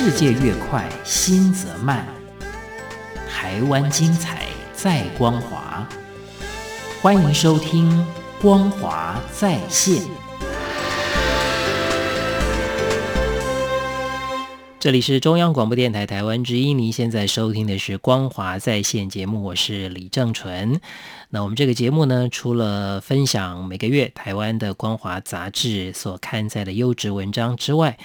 世界越快，心則慢。台灣精彩，在光華。歡迎收聽《光華在線》。這裡是中央廣播電台台灣之音，您現在收聽的是《光華在線》節目，我是李正淳。那我們這個節目呢，除了分享每個月台灣的《光華》雜誌所刊載的優質文章之外，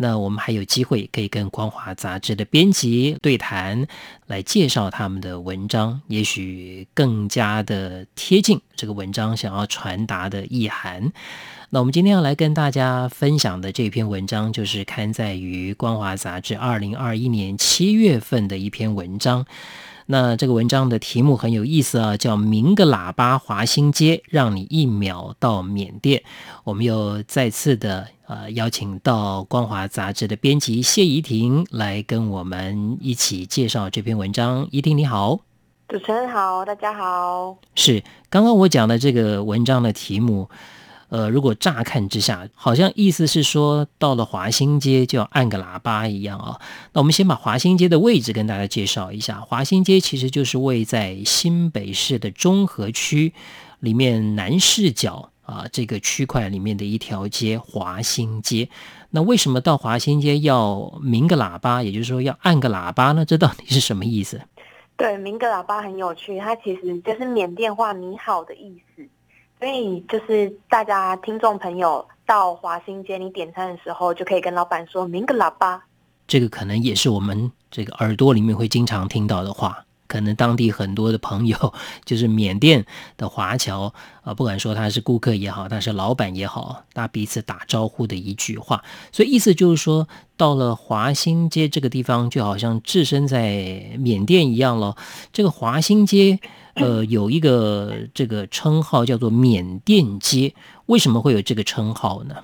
那我們還有機會可以跟《光華》雜誌的編輯對談，來介紹他們的文章，也許更加的貼近這個文章想要傳達的意涵。那我們今天要來跟大家分享的這篇文章，就是刊載於《光華》雜誌二零二一年七月份的一篇文章。那這個文章的題目很有意思啊，叫“鳴個喇叭華新，華新街，讓你一秒到緬甸”。我們又再次的呃邀請到《光華》雜誌的編輯謝怡婷來跟我們一起介紹這篇文章。怡婷你好，主持人好，大家好。是剛剛我講的這個文章的題目。呃，如果乍看之下，好像意思是說到了華新街就要按個喇叭一樣啊、哦。那我們先把華新街的位置跟大家介紹一下。華新街其實就是位在新北市的中和區裡面南勢角啊、呃、這個區塊裡面的一條街，華新街。那為什麼到華新街要鳴個喇叭，也就是說要按個喇叭呢？這到底是什麼意思？對，鳴個喇叭很有趣，它其實就是緬甸話“你好的”意思。所以就是大家聽眾朋友到華新街，你點餐的時候就可以跟老闆說“鳴個喇叭”。這個可能也是我們這個耳朵裡面會經常聽到的話。可能當地很多的朋友，就是緬甸的華僑啊、呃，不管說他是顧客也好，他是老闆也好，大家彼此打招呼的一句話。所以意思就是說，到了華新街這個地方，就好像置身在緬甸一樣咯。這個華新街。呃，有一個這個稱號叫做緬甸街，為什麼會有這個稱號呢？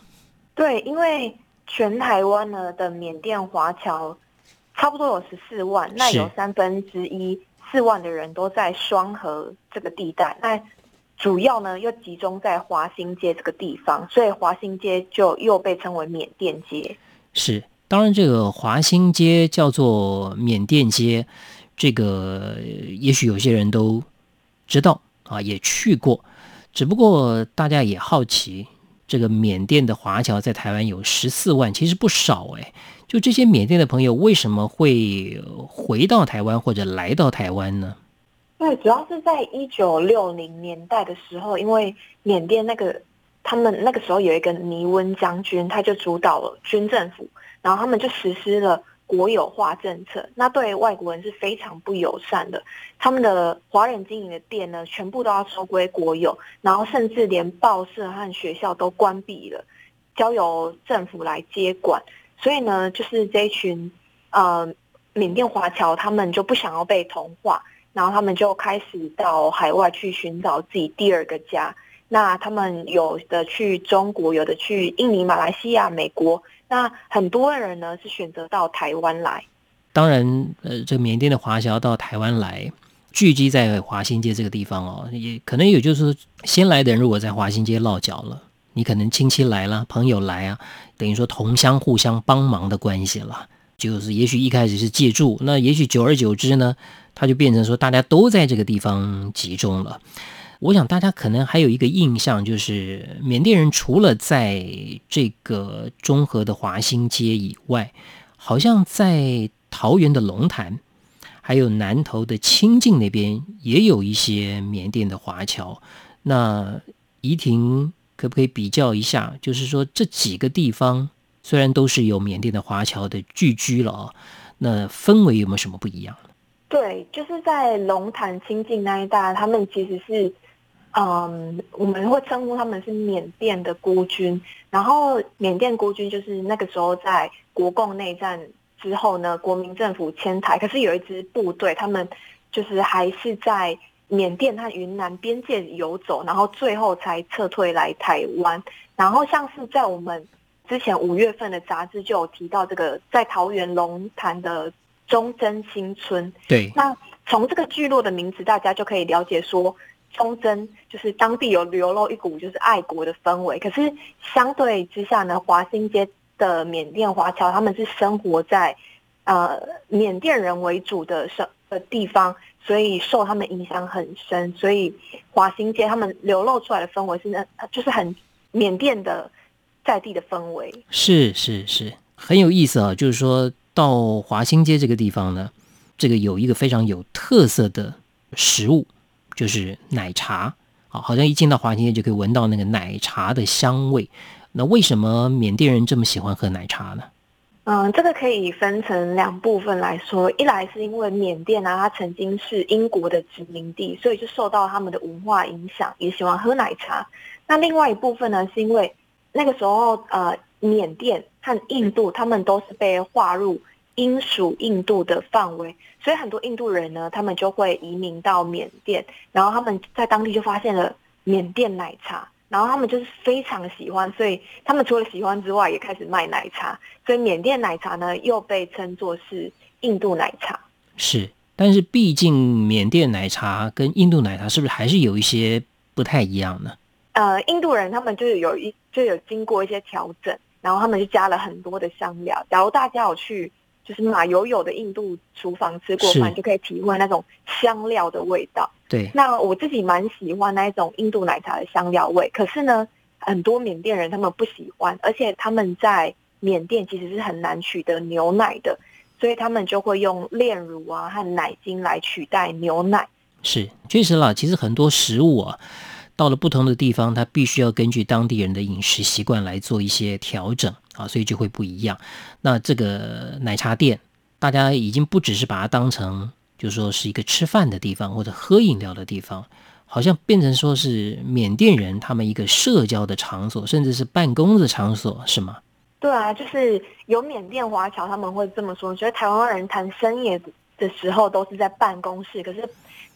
對，因為全台灣呢的緬甸華僑差不多有十四萬，那有三分之一四萬的人都在雙和這個地帶，那主要呢又集中在華新街這個地方，所以華新街就又被稱為緬甸街。是，當然這個華新街叫做緬甸街，這個也許有些人都。知道啊，也去過，只不過大家也好奇，這個緬甸的華僑在台灣有十四萬，其實不少誒，就這些緬甸的朋友為什麼會回到台灣或者來到台灣呢？對，主要是在一九六零年代的時候，因為緬甸那個他們那個時候有一個尼溫將軍，他就主導了軍政府，然後他們就實施了。國有化政策，那對外國人是非常不友善的。他們的華人經營的店呢，全部都要收歸國有，然後甚至連報社和學校都關閉了，交由政府來接管。所以呢，就是這群呃緬甸華僑，他們就不想要被同化，然後他們就開始到海外去尋找自己第二個家。那他們有的去中國，有的去印尼、馬來西亞、美國。那很多人呢是選擇到台灣來，當然，呃，這個緬甸的華僑到台灣來，聚集在華新街這個地方哦，也可能有就是說先來的人如果在華新街落腳了，你可能親戚來了，朋友來啊，等於說同鄉互相幫忙的關係了，就是也許一開始是借住，那也許久而久之呢，他就變成說大家都在這個地方集中了。我想大家可能還有一個印象，就是緬甸人除了在這個中和的華新街以外，好像在桃園的龍潭，還有南投的清境那邊也有一些緬甸的華僑。那怡婷可不可以比較一下？就是說這幾個地方雖然都是有緬甸的華僑的聚居了、哦、那氛圍有沒有什麼不一樣？對，就是在龍潭清境那一帶，他們其實是。嗯、um，我們會稱呼他們是緬甸的孤軍。然後，緬甸孤軍就是那個時候在國共內戰之後呢，國民政府遷台，可是有一支部隊，他們就是還是在緬甸和雲南邊界遊走，然後最後才撤退來台灣。然後，像是在我們之前五月份的雜誌就有提到這個，在桃園龍潭的忠貞新村。對，那從這個聚落的名字，大家就可以了解說。忠貞就是當地有流露一股就是愛國的氛圍，可是相對之下呢，華新街的緬甸華僑他們是生活在，呃，緬甸人為主的生呃地方，所以受他們影響很深，所以華新街他們流露出來的氛圍是呢，就是很緬甸的在地的氛圍。是是是，很有意思啊，就是說到華新街這個地方呢，這個有一個非常有特色的食物。就是奶茶好，好像一進到華新街就可以聞到那個奶茶的香味。那為什麼緬甸人這麼喜歡喝奶茶呢？嗯，這個可以分成兩部分來說。一來是因為緬甸啊，它曾經是英國的殖民地，所以就受到他們的文化影響，也喜歡喝奶茶。那另外一部分呢，是因為那個時候呃，緬甸和印度他們都是被劃入。英屬印度的範圍，所以很多印度人呢，他們就會移民到緬甸，然後他們在當地就發現了緬甸奶茶，然後他們就是非常喜歡，所以他們除了喜歡之外，也開始賣奶茶。所以緬甸奶茶呢，又被稱作是印度奶茶。是，但是畢竟緬甸奶茶跟印度奶茶是不是還是有一些不太一樣呢？呃，印度人他們就是有一就有經過一些調整，然後他們就加了很多的香料。然後大家有去。就是馬友友的印度廚房吃過飯，就可以體會那種香料的味道。對，那我自己蠻喜歡那一種印度奶茶的香料味。可是呢，很多緬甸人他們不喜歡，而且他們在緬甸其實是很難取得牛奶的，所以他們就會用煉乳啊和奶精來取代牛奶。是，確實啦，其實很多食物啊。到了不同的地方，他必須要根據當地人的飲食習慣來做一些調整啊，所以就會不一樣。那這個奶茶店，大家已經不只是把它當成，就是說是一個吃飯的地方或者喝飲料的地方，好像變成說是緬甸人他們一個社交的場所，甚至是辦公的場所，是嗎？對啊，就是有緬甸華僑他們會這麼說，覺得台灣人談生意的時候都是在辦公室，可是。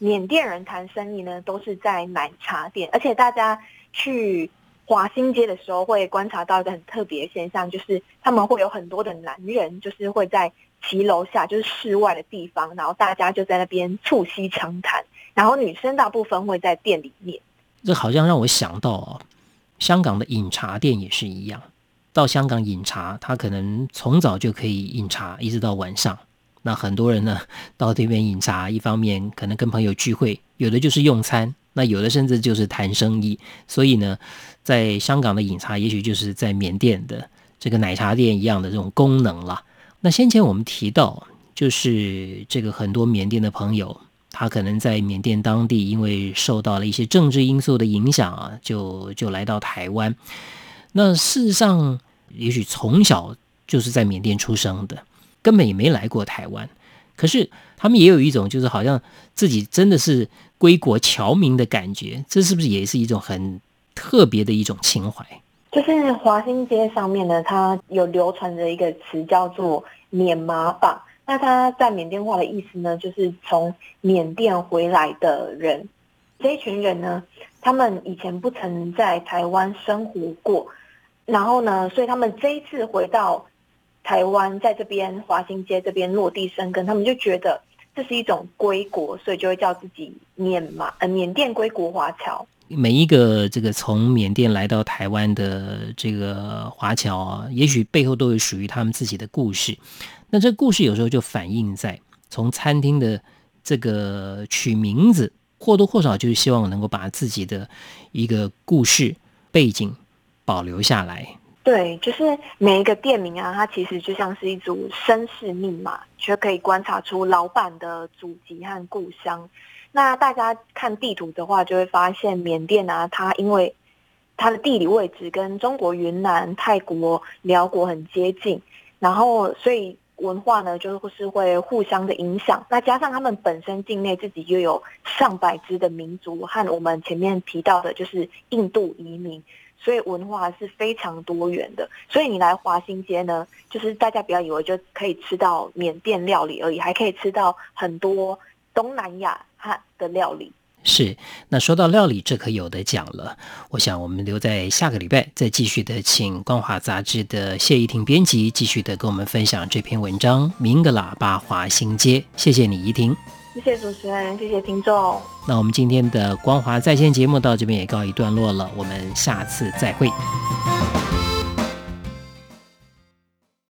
緬甸人談生意呢，都是在奶茶店，而且大家去華新街的時候，會觀察到一個很特別的現象，就是他們會有很多的男人，就是會在騎樓下，就是室外的地方，然後大家就在那邊促膝長談，然後女生大部分會在店裡面。這好像讓我想到哦，香港的飲茶店也是一樣，到香港飲茶，他可能從早就可以飲茶，一直到晚上。那很多人呢到這邊飲茶，一方面可能跟朋友聚會，有的就是用餐，那有的甚至就是談生意。所以呢，在香港的飲茶，也許就是在緬甸的這個奶茶店一樣的這種功能了。那先前我們提到，就是這個很多緬甸的朋友，他可能在緬甸當地因為受到了一些政治因素的影響啊，就就來到台灣。那事實上，也許從小就是在緬甸出生的。根本也沒來過台灣，可是他們也有一種，就是好像自己真的是歸國僑民的感覺，這是不是也是一種很特別的一種情懷？就是華新街上面呢，它有流傳着一個詞叫做“緬麻幫”。那它在緬甸話的意思呢，就是從緬甸回來的人。這一群人呢，他們以前不曾在台灣生活過，然後呢，所以他們這一次回到。台灣在這邊華新街這邊落地生根，他們就覺得這是一種歸國，所以就會叫自己緬嘛呃緬甸歸國華僑。每一個這個從緬甸來到台灣的這個華僑啊，也許背後都有屬於他們自己的故事。那這故事有時候就反映在從餐廳的這個取名字，或多或少就是希望我能夠把自己的一個故事背景保留下來。對，就是每一個店名啊，它其實就像是一組身世密碼，就可以觀察出老闆的祖籍和故鄉。那大家看地圖的話，就會發現緬甸啊，它因為它的地理位置跟中國雲南、泰國、寮國很接近，然後所以文化呢，就是會互相的影響。那加上他們本身境內自己又有上百支的民族，和我們前面提到的，就是印度移民。所以文化是非常多元的，所以你來華新街呢，就是大家不要以為就可以吃到緬甸料理而已，還可以吃到很多東南亞它的料理。是，那說到料理，這可有得講了。我想我們留在下個禮拜再繼續的，請《光華》雜誌的謝怡婷編輯繼續的跟我們分享這篇文章《鳴個喇叭！華新街》。謝謝你，怡婷。謝謝主持人，謝謝聽眾。那我們今天的光華在線節目到這邊也告一段落了，我們下次再會。